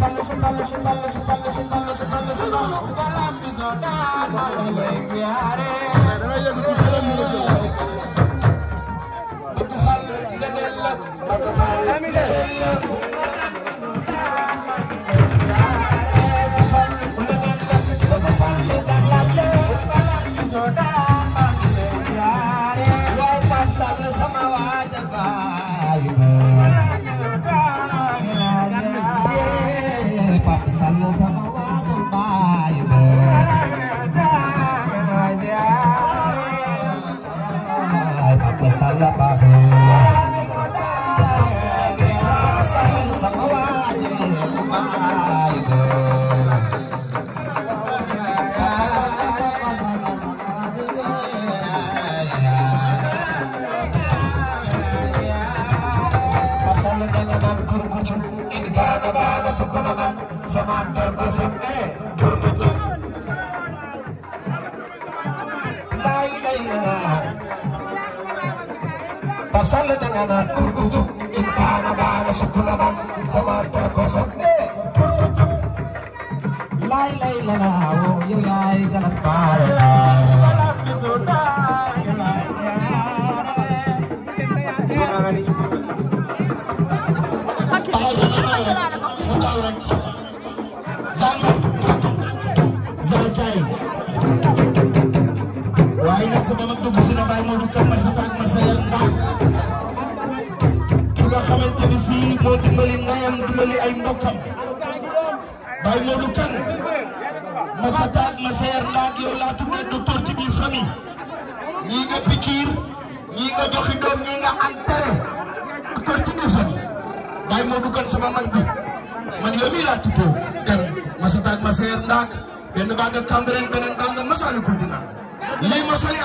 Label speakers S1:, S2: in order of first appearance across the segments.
S1: Let me go. Samantha, Samantha, Samantha, Samantha, Samantha, మసాలటంగాన కుర్కుచు ఇంకాన బాన సుకులన సమార్క కోసం లై లై లలా ఓ యు లై గలస్ పార Zakai. Zakai. waaye moo dugg kan ma taag ma sa yar ndax yow laa tuddee docteur ci biir famille ñii nga pikiir ñii nga joxi doom ñii nga enterré docteur ci biir famille moo dugg kan sama bi man yow mii laa tuddee dem ma taag ma sa yar ndax benn baa nga Cambérène beneen baa nga Massalikul Jinaan lii ma sali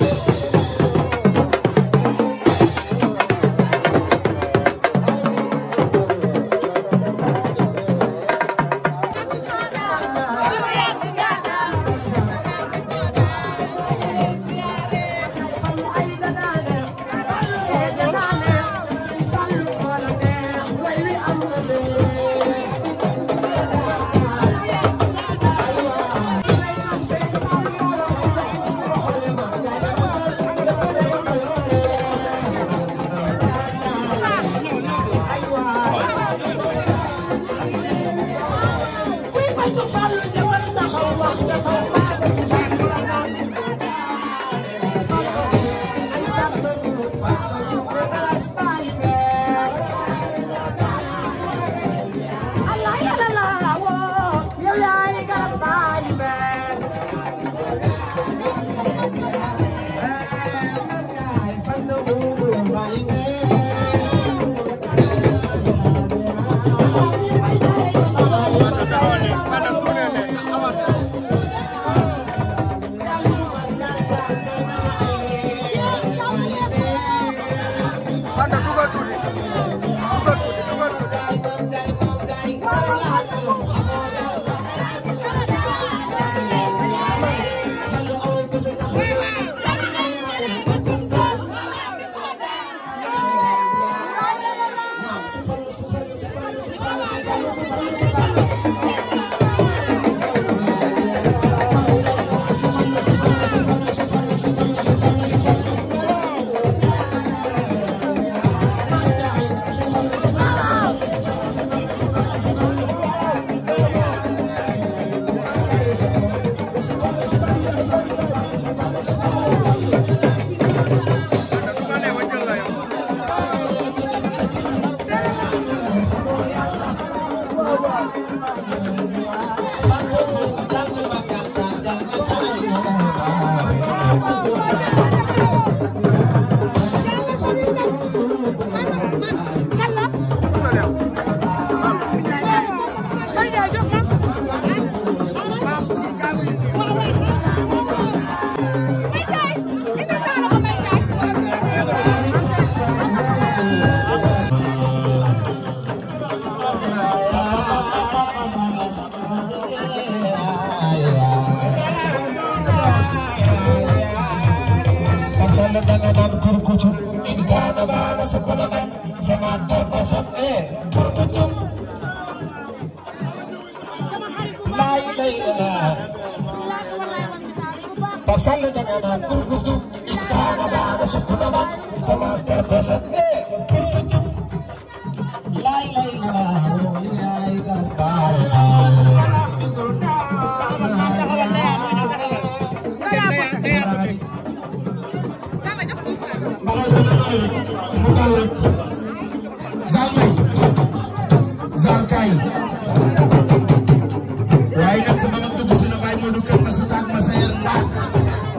S1: man gurgudu intaana baana sukkuna man samar ka fasan lai lai la ho ilai garas baare Zalmay, Zalkay,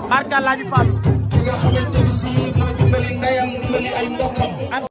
S1: barka Alaaji Fall. ki nga xamante ni si moo ñu mel ni ndeyam mu mel ni ay mbokkam.